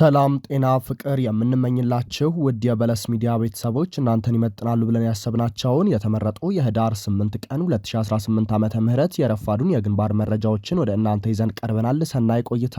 ሰላም ጤና ፍቅር የምንመኝላችሁ ውድ የበለስ ሚዲያ ቤተሰቦች እናንተን ይመጥናሉ ብለን ያሰብናቸውን የተመረጡ የህዳር 8 ቀን 2018 ዓ ም የረፋዱን የግንባር መረጃዎችን ወደ እናንተ ይዘን ቀርበናል። ሰናይ ቆይታ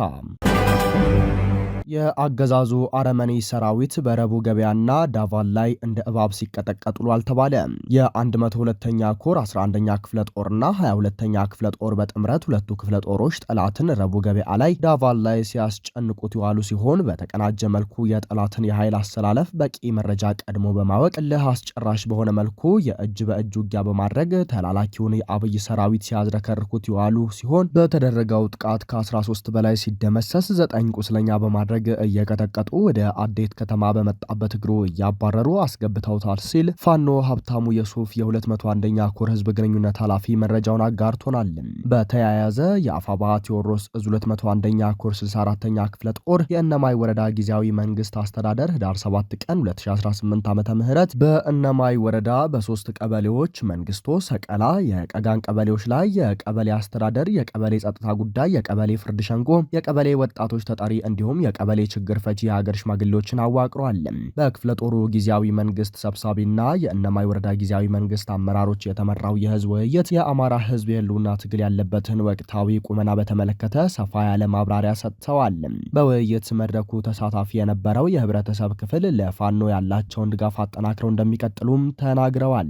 የአገዛዙ አረመኔ ሰራዊት በረቡ ገበያና ዳቫን ላይ እንደ እባብ ሲቀጠቀጥ ውሏል ተባለ። የ102ኛ ኮር 11ኛ ክፍለ ጦርና 22ኛ ክፍለ ጦር በጥምረት ሁለቱ ክፍለ ጦሮች ጠላትን ረቡ ገበያ ላይ ዳቫል ላይ ሲያስጨንቁት የዋሉ ሲሆን በተቀናጀ መልኩ የጠላትን የኃይል አሰላለፍ በቂ መረጃ ቀድሞ በማወቅ እልህ አስጨራሽ በሆነ መልኩ የእጅ በእጅ ውጊያ በማድረግ ተላላኪውን የአብይ ሰራዊት ሲያዝረከርኩት የዋሉ ሲሆን በተደረገው ጥቃት ከ13 በላይ ሲደመሰስ ዘጠኝ ቁስለኛ በማድረግ ለማድረግ እየቀጠቀጡ ወደ አዴት ከተማ በመጣበት እግሩ እያባረሩ አስገብተውታል ሲል ፋኖ ሀብታሙ የሱፍ የ201ኛ ኮር ህዝብ ግንኙነት ኃላፊ መረጃውን አጋርቶናል። በተያያዘ የአፋባ ቴዎድሮስ እዝ 201ኛ ኮር 64ኛ ክፍለ ጦር የእነማይ ወረዳ ጊዜያዊ መንግስት አስተዳደር ህዳር 7 ቀን 2018 ዓ ም በእነማይ ወረዳ በሶስት ቀበሌዎች መንግስቶ፣ ሰቀላ፣ የቀጋን ቀበሌዎች ላይ የቀበሌ አስተዳደር፣ የቀበሌ ጸጥታ ጉዳይ፣ የቀበሌ ፍርድ ሸንጎ፣ የቀበሌ ወጣቶች ተጠሪ እንዲሁም የቀ ቀበሌ ችግር ፈቺ የሀገር ሽማግሌዎችን አዋቅሯል። በክፍለ ጦሩ ጊዜያዊ መንግስት ሰብሳቢና የእነማይ ወረዳ ጊዜያዊ መንግስት አመራሮች የተመራው የህዝብ ውይይት የአማራ ህዝብ የህልውና ትግል ያለበትን ወቅታዊ ቁመና በተመለከተ ሰፋ ያለ ማብራሪያ ሰጥተዋል። በውይይት መድረኩ ተሳታፊ የነበረው የህብረተሰብ ክፍል ለፋኖ ያላቸውን ድጋፍ አጠናክረው እንደሚቀጥሉም ተናግረዋል።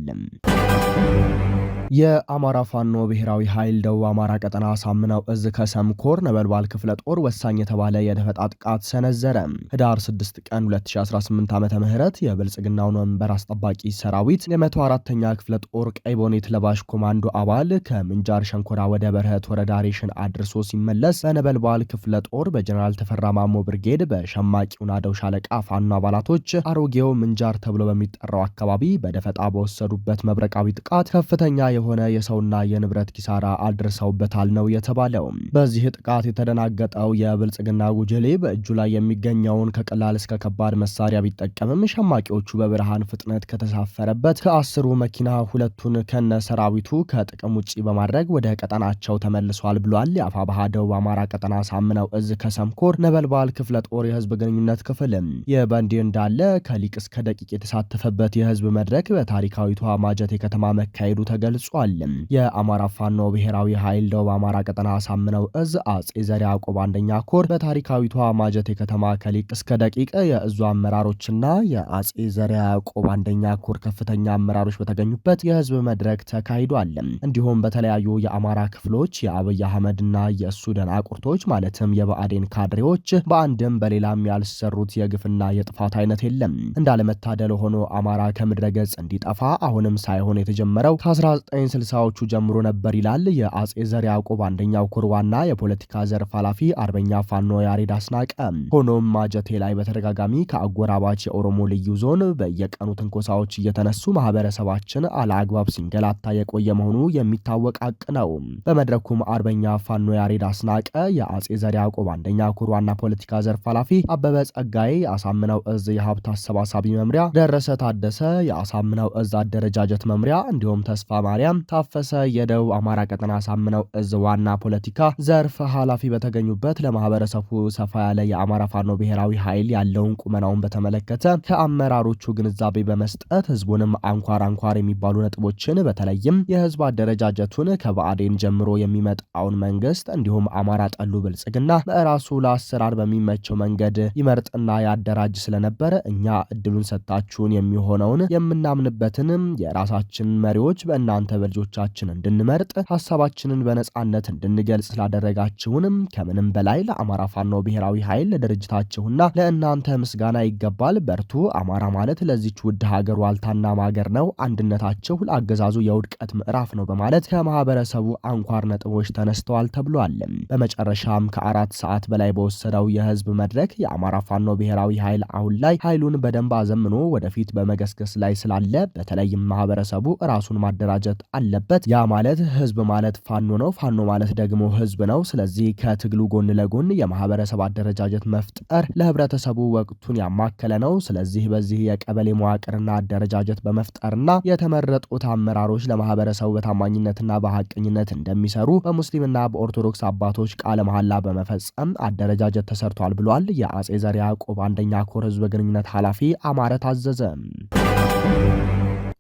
የአማራ ፋኖ ብሔራዊ ኃይል ደቡብ አማራ ቀጠና አሳምነው እዝ ከሰምኮር ነበልባል ክፍለ ጦር ወሳኝ የተባለ የደፈጣ ጥቃት ሰነዘረ። ህዳር 6 ቀን 2018 ዓ ም የብልጽግናውን ወንበር አስጠባቂ ሰራዊት የ104ኛ ክፍለ ጦር ቀይ ቦኔት ለባሽ ኮማንዶ አባል ከምንጃር ሸንኮራ ወደ በረህት ወረዳ ሬሽን አድርሶ ሲመለስ በነበልባል ክፍለ ጦር በጀኔራል ተፈራ ማሞ ብርጌድ በሸማቂው ናደው ሻለቃ ፋኖ አባላቶች አሮጌው ምንጃር ተብሎ በሚጠራው አካባቢ በደፈጣ በወሰዱበት መብረቃዊ ጥቃት ከፍተኛ የሆነ የሰውና የንብረት ኪሳራ አድርሰውበታል ነው የተባለው። በዚህ ጥቃት የተደናገጠው የብልጽግና ጉጅሌ በእጁ ላይ የሚገኘውን ከቀላል እስከ ከባድ መሳሪያ ቢጠቀምም ሸማቂዎቹ በብርሃን ፍጥነት ከተሳፈረበት ከአስሩ መኪና ሁለቱን ከነ ሰራዊቱ ከጥቅም ውጭ በማድረግ ወደ ቀጠናቸው ተመልሷል ብሏል። ባህ ደቡብ አማራ ቀጠና ሳምነው እዝ ከሰምኮር ነበልባል ክፍለ ጦር የህዝብ ግንኙነት ክፍል ይህ በእንዲህ እንዳለ ከሊቅ እስከ ደቂቅ የተሳተፈበት የህዝብ መድረክ በታሪካዊቷ ማጀቴ ከተማ መካሄዱ ተገልጿል። ገልጿል። የአማራ ፋኖ ብሔራዊ ኃይል ደቡብ አማራ ቀጠና አሳምነው እዝ አጼ ዘር ያዕቆብ አንደኛ ኮር በታሪካዊቷ ማጀቴ ከተማ ከሊቅ እስከ ደቂቀ የእዙ አመራሮችና የአጼ ዘር ያዕቆብ አንደኛ ኮር ከፍተኛ አመራሮች በተገኙበት የህዝብ መድረክ ተካሂዷል። እንዲሁም በተለያዩ የአማራ ክፍሎች የአብይ አህመድና የእሱ ደናቁርቶች ማለትም የብአዴን ካድሬዎች በአንድም በሌላም ያልሰሩት የግፍና የጥፋት አይነት የለም። እንዳለመታደል ሆኖ አማራ ከምድረ ገጽ እንዲጠፋ አሁንም ሳይሆን የተጀመረው ከ19 ከ1960ዎቹ ጀምሮ ነበር ይላል የአጼ ዘር ያዕቆብ አንደኛው ኮር ዋና የፖለቲካ ዘርፍ ኃላፊ አርበኛ ፋኖ ያሬድ አስናቀ። ሆኖም ማጀቴ ላይ በተደጋጋሚ ከአጎራባች የኦሮሞ ልዩ ዞን በየቀኑ ትንኮሳዎች እየተነሱ ማህበረሰባችን አለአግባብ ሲንገላታ የቆየ መሆኑ የሚታወቅ አቅ ነው። በመድረኩም አርበኛ ፋኖ ያሬድ አስናቀ፣ የአጼ ዘር ያዕቆብ አንደኛ ኮር ዋና ፖለቲካ ዘርፍ ኃላፊ አበበ ጸጋይ፣ አሳምነው እዝ የሀብት አሰባሳቢ መምሪያ ደረሰ ታደሰ፣ የአሳምነው እዝ አደረጃጀት መምሪያ እንዲሁም ተስፋ ማሪ ማርያም ታፈሰ የደቡብ አማራ ቀጠና ሳምነው እዝ ዋና ፖለቲካ ዘርፍ ኃላፊ በተገኙበት ለማህበረሰቡ ሰፋ ያለ የአማራ ፋኖ ብሔራዊ ኃይል ያለውን ቁመናውን በተመለከተ ከአመራሮቹ ግንዛቤ በመስጠት ህዝቡንም አንኳር አንኳር የሚባሉ ነጥቦችን በተለይም የህዝብ አደረጃጀቱን ከብአዴን ጀምሮ የሚመጣውን መንግስት እንዲሁም አማራ ጠሉ ብልጽግና በራሱ ለአሰራር በሚመቸው መንገድ ይመርጥና ያደራጅ ስለነበረ እኛ እድሉን ሰጥታችሁን የሚሆነውን የምናምንበትንም የራሳችን መሪዎች በእናንተ እናንተ በልጆቻችን እንድንመርጥ ሀሳባችንን በነጻነት እንድንገልጽ ስላደረጋችሁንም ከምንም በላይ ለአማራ ፋኖ ብሔራዊ ኃይል ለድርጅታችሁና ለእናንተ ምስጋና ይገባል። በርቱ። አማራ ማለት ለዚች ውድ ሀገር ዋልታና ማገር ነው። አንድነታቸው ለአገዛዙ የውድቀት ምዕራፍ ነው በማለት ከማህበረሰቡ አንኳር ነጥቦች ተነስተዋል ተብሏል። በመጨረሻም ከአራት ሰዓት በላይ በወሰደው የህዝብ መድረክ የአማራ ፋኖ ብሔራዊ ኃይል አሁን ላይ ኃይሉን በደንብ አዘምኖ ወደፊት በመገስገስ ላይ ስላለ በተለይም ማህበረሰቡ ራሱን ማደራጀት መምጣት አለበት። ያ ማለት ህዝብ ማለት ፋኖ ነው፣ ፋኖ ማለት ደግሞ ህዝብ ነው። ስለዚህ ከትግሉ ጎን ለጎን የማህበረሰብ አደረጃጀት መፍጠር ለህብረተሰቡ ወቅቱን ያማከለ ነው። ስለዚህ በዚህ የቀበሌ መዋቅርና አደረጃጀት በመፍጠርና የተመረጡት አመራሮች ለማህበረሰቡ በታማኝነትና በሀቀኝነት እንደሚሰሩ በሙስሊምና በኦርቶዶክስ አባቶች ቃለ መሐላ በመፈጸም አደረጃጀት ተሰርቷል ብሏል። የአጼ ዘርዓ ያዕቆብ አንደኛ ኮር ህዝብ ግንኙነት ኃላፊ አማረ ታዘዘ።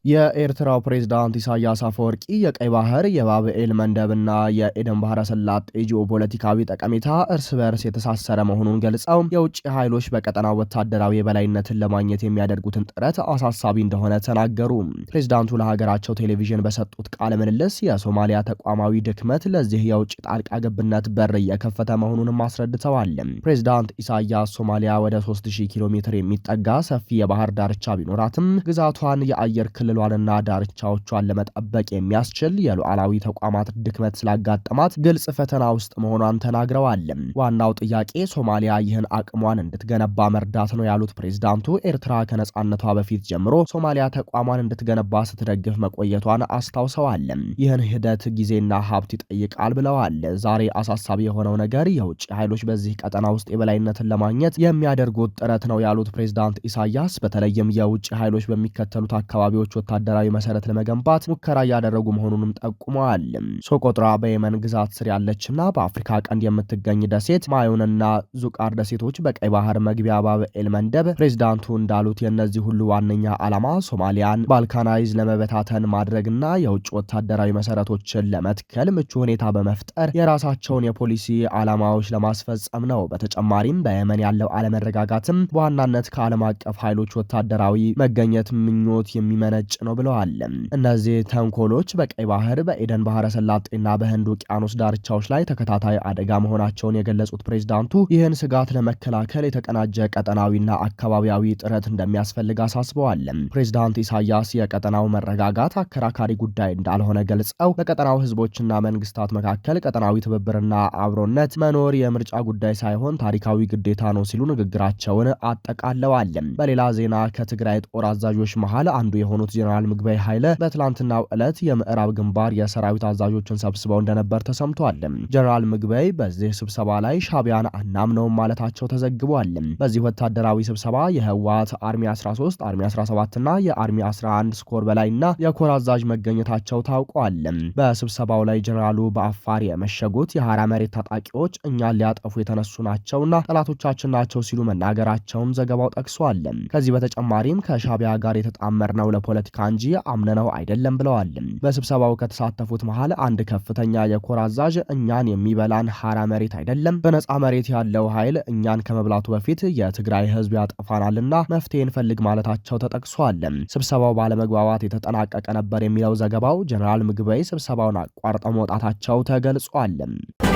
የኤርትራው ፕሬዝዳንት ኢሳያስ አፈወርቂ የቀይ ባህር የባብኤል መንደብና የኤደን ባህረ ሰላጤ ፖለቲካዊ ጠቀሜታ እርስ በርስ የተሳሰረ መሆኑን ገልጸው የውጭ ኃይሎች በቀጠናው ወታደራዊ የበላይነትን ለማግኘት የሚያደርጉትን ጥረት አሳሳቢ እንደሆነ ተናገሩ። ፕሬዝዳንቱ ለሀገራቸው ቴሌቪዥን በሰጡት ቃለ ምልልስ የሶማሊያ ተቋማዊ ድክመት ለዚህ የውጭ ጣልቃ ገብነት በር እየከፈተ መሆኑንም አስረድተዋል። ፕሬዝዳንት ኢሳያስ ሶማሊያ ወደ 3000 ኪሎ ሜትር የሚጠጋ ሰፊ የባህር ዳርቻ ቢኖራትም ግዛቷን የአየር ክልል ክልሏንና ዳርቻዎቿን ለመጠበቅ የሚያስችል የሉዓላዊ ተቋማት ድክመት ስላጋጠማት ግልጽ ፈተና ውስጥ መሆኗን ተናግረዋል። ዋናው ጥያቄ ሶማሊያ ይህን አቅሟን እንድትገነባ መርዳት ነው ያሉት ፕሬዝዳንቱ ኤርትራ ከነጻነቷ በፊት ጀምሮ ሶማሊያ ተቋሟን እንድትገነባ ስትደግፍ መቆየቷን አስታውሰዋል። ይህን ሂደት ጊዜና ሀብት ይጠይቃል ብለዋል። ዛሬ አሳሳቢ የሆነው ነገር የውጭ ኃይሎች በዚህ ቀጠና ውስጥ የበላይነትን ለማግኘት የሚያደርጉት ጥረት ነው ያሉት ፕሬዝዳንት ኢሳያስ በተለይም የውጭ ኃይሎች በሚከተሉት አካባቢዎች ወታደራዊ መሰረት ለመገንባት ሙከራ እያደረጉ መሆኑንም ጠቁመዋል። ሶቆጥራ በየመን ግዛት ስር ያለችና በአፍሪካ ቀንድ የምትገኝ ደሴት ማዮንና ዙቃር ደሴቶች በቀይ ባህር መግቢያ ባብኤል መንደብ ፕሬዚዳንቱ እንዳሉት የእነዚህ ሁሉ ዋነኛ ዓላማ ሶማሊያን ባልካናይዝ ለመበታተን ማድረግና የውጭ ወታደራዊ መሰረቶችን ለመትከል ምቹ ሁኔታ በመፍጠር የራሳቸውን የፖሊሲ ዓላማዎች ለማስፈጸም ነው። በተጨማሪም በየመን ያለው አለመረጋጋትም በዋናነት ከዓለም አቀፍ ኃይሎች ወታደራዊ መገኘት ምኞት የሚመነጭ ምንጭ ነው ብለዋል። እነዚህ ተንኮሎች በቀይ ባህር፣ በኤደን ባህረ ሰላጤና በህንድ ውቅያኖስ ዳርቻዎች ላይ ተከታታይ አደጋ መሆናቸውን የገለጹት ፕሬዚዳንቱ ይህን ስጋት ለመከላከል የተቀናጀ ቀጠናዊና አካባቢያዊ ጥረት እንደሚያስፈልግ አሳስበዋል። ፕሬዚዳንት ኢሳያስ የቀጠናው መረጋጋት አከራካሪ ጉዳይ እንዳልሆነ ገልጸው በቀጠናው ህዝቦችና መንግስታት መካከል ቀጠናዊ ትብብርና አብሮነት መኖር የምርጫ ጉዳይ ሳይሆን ታሪካዊ ግዴታ ነው ሲሉ ንግግራቸውን አጠቃለዋል። በሌላ ዜና ከትግራይ ጦር አዛዦች መሃል አንዱ የሆኑት ጄኔራል ምግበይ ኃይለ በትላንትናው ዕለት የምዕራብ ግንባር የሰራዊት አዛዦችን ሰብስበው እንደነበር ተሰምቷል። ጄኔራል ምግበይ በዚህ ስብሰባ ላይ ሻቢያን አናምነውም ማለታቸው ተዘግቧል። በዚህ ወታደራዊ ስብሰባ የህወሓት አርሚ 13 አርሚ 17ና የአርሚ 11 ስኮር በላይና የኮር አዛዥ መገኘታቸው ታውቋል። በስብሰባው ላይ ጄኔራሉ በአፋር የመሸጉት የሐራ መሬት ታጣቂዎች እኛን ሊያጠፉ የተነሱ ናቸውና ጠላቶቻችን ናቸው ሲሉ መናገራቸውን ዘገባው ጠቅሷል። ከዚህ በተጨማሪም ከሻቢያ ጋር የተጣመርነው ለፖለቲ ፖለቲካ እንጂ አምነነው አይደለም ብለዋል። በስብሰባው ከተሳተፉት መሃል አንድ ከፍተኛ የኮር አዛዥ እኛን የሚበላን ሀራ መሬት አይደለም፣ በነፃ መሬት ያለው ኃይል እኛን ከመብላቱ በፊት የትግራይ ህዝብ ያጠፋናልና መፍትሄ እንፈልግ ማለታቸው ተጠቅሷል። ስብሰባው ባለመግባባት የተጠናቀቀ ነበር የሚለው ዘገባው ጀነራል ምግበይ ስብሰባውን አቋርጠው መውጣታቸው ተገልጿል።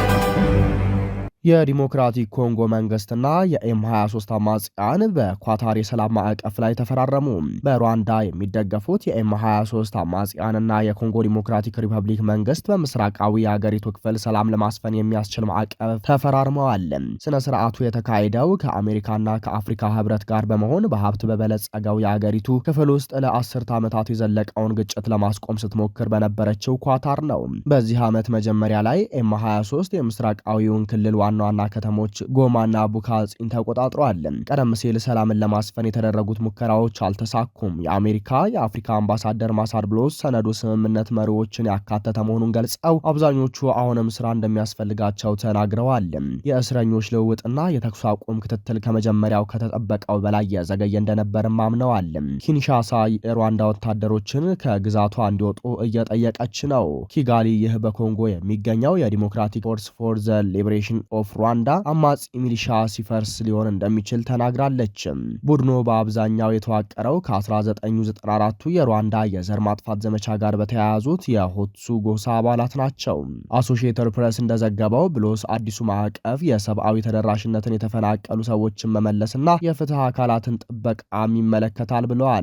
የዲሞክራቲክ ኮንጎ መንግስትና የኤም 23 አማጽያን በኳታር የሰላም ማዕቀፍ ላይ ተፈራረሙ። በሩዋንዳ የሚደገፉት የኤም 23 አማጽያንና የኮንጎ ዲሞክራቲክ ሪፐብሊክ መንግስት በምስራቃዊ የአገሪቱ ክፍል ሰላም ለማስፈን የሚያስችል ማዕቀፍ ተፈራርመዋል። ስነ ስርዓቱ የተካሄደው ከአሜሪካና ከአፍሪካ ህብረት ጋር በመሆን በሀብት በበለጸገው የአገሪቱ ክፍል ውስጥ ለአስርተ ዓመታት የዘለቀውን ግጭት ለማስቆም ስትሞክር በነበረችው ኳታር ነው። በዚህ ዓመት መጀመሪያ ላይ ኤም 23 የምስራቃዊውን ክልል ዋና ዋና ዋና ከተሞች ጎማና ቡካጺን ተቆጣጥረዋል። ቀደም ሲል ሰላምን ለማስፈን የተደረጉት ሙከራዎች አልተሳኩም። የአሜሪካ የአፍሪካ አምባሳደር ማሳድ ብሎ ሰነዱ ስምምነት መሪዎችን ያካተተ መሆኑን ገልጸው አብዛኞቹ አሁንም ስራ እንደሚያስፈልጋቸው ተናግረዋል። የእስረኞች ልውውጥና የተኩስ አቁም ክትትል ከመጀመሪያው ከተጠበቀው በላይ የዘገየ እንደነበርም አምነዋል። ኪንሻሳ የሩዋንዳ ወታደሮችን ከግዛቷ እንዲወጡ እየጠየቀች ነው። ኪጋሊ ይህ በኮንጎ የሚገኘው የዲሞክራቲክ ፎርስ ፎር ዘ ሊብሬሽን ኦፍ ሩዋንዳ አማጺ ሚሊሻ ሲፈርስ ሊሆን እንደሚችል ተናግራለች። ቡድኑ በአብዛኛው የተዋቀረው ከ 1994 የሩዋንዳ የዘር ማጥፋት ዘመቻ ጋር በተያያዙት የሆትሱ ጎሳ አባላት ናቸው። አሶሺየትድ ፕሬስ እንደዘገበው ብሎስ አዲሱ ማዕቀፍ የሰብአዊ ተደራሽነትን የተፈናቀሉ ሰዎችን መመለስና የፍትህ አካላትን ጥበቃም ይመለከታል ብለዋል።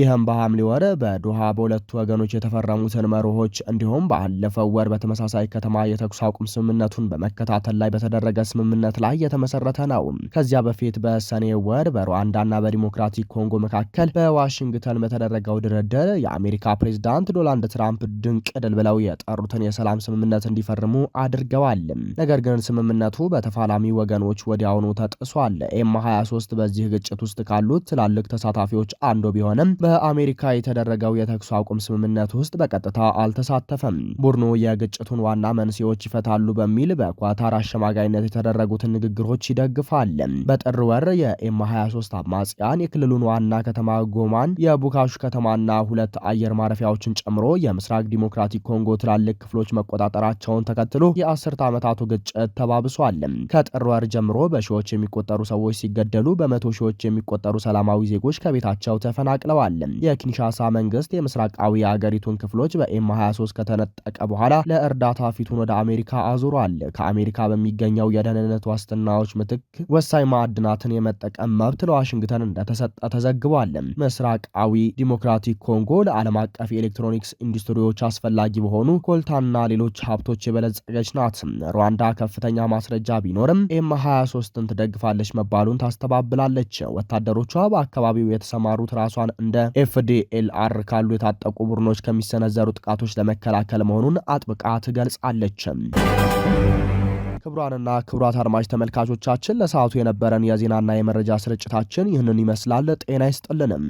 ይህም በሐምሌ ወር በዶሃ በሁለቱ ወገኖች የተፈረሙትን መርሆች እንዲሁም ባለፈው ወር በተመሳሳይ ከተማ የተኩስ አቁም ስምምነቱን በመከታተል ላይ በተ የተደረገ ስምምነት ላይ የተመሰረተ ነው። ከዚያ በፊት በሰኔ ወር በሩዋንዳና በዲሞክራቲክ ኮንጎ መካከል በዋሽንግተን በተደረገው ድርድር የአሜሪካ ፕሬዚዳንት ዶናልድ ትራምፕ ድንቅ ድል ብለው የጠሩትን የሰላም ስምምነት እንዲፈርሙ አድርገዋል። ነገር ግን ስምምነቱ በተፋላሚ ወገኖች ወዲያውኑ ተጥሷል። ኤም 23 በዚህ ግጭት ውስጥ ካሉት ትላልቅ ተሳታፊዎች አንዱ ቢሆንም በአሜሪካ የተደረገው የተኩስ አቁም ስምምነት ውስጥ በቀጥታ አልተሳተፈም። ቡድኑ የግጭቱን ዋና መንስኤዎች ይፈታሉ በሚል በኳታር አሸማጋ አሸማጋይነት የተደረጉትን ንግግሮች ይደግፋል። በጥር ወር የኤም 23 አማጽያን የክልሉን ዋና ከተማ ጎማን፣ የቡካሹ ከተማና ሁለት አየር ማረፊያዎችን ጨምሮ የምስራቅ ዲሞክራቲክ ኮንጎ ትላልቅ ክፍሎች መቆጣጠራቸውን ተከትሎ የአስርተ ዓመታቱ ግጭት ተባብሷል። ከጥር ወር ጀምሮ በሺዎች የሚቆጠሩ ሰዎች ሲገደሉ፣ በመቶ ሺዎች የሚቆጠሩ ሰላማዊ ዜጎች ከቤታቸው ተፈናቅለዋል። የኪንሻሳ መንግስት የምስራቃዊ የአገሪቱን ክፍሎች በኤም 23 ከተነጠቀ በኋላ ለእርዳታ ፊቱን ወደ አሜሪካ አዙሯል። ከአሜሪካ በሚገኝ ከመደበኛው የደህንነት ዋስትናዎች ምትክ ወሳኝ ማዕድናትን የመጠቀም መብት ለዋሽንግተን እንደተሰጠ ተዘግቧል። ምስራቃዊ ዲሞክራቲክ ኮንጎ ለዓለም አቀፍ የኤሌክትሮኒክስ ኢንዱስትሪዎች አስፈላጊ በሆኑ ኮልታና ሌሎች ሀብቶች የበለጸገች ናት። ሩዋንዳ ከፍተኛ ማስረጃ ቢኖርም ኤም 23ን ትደግፋለች መባሉን ታስተባብላለች። ወታደሮቿ በአካባቢው የተሰማሩት ራሷን እንደ ኤፍዲኤልአር ካሉ የታጠቁ ቡድኖች ከሚሰነዘሩ ጥቃቶች ለመከላከል መሆኑን አጥብቃ ትገልጻለች። ክቡራንና ክቡራት አድማጭ ተመልካቾቻችን ለሰዓቱ የነበረን የዜናና የመረጃ ስርጭታችን ይህንን ይመስላል። ጤና ይስጥልንም።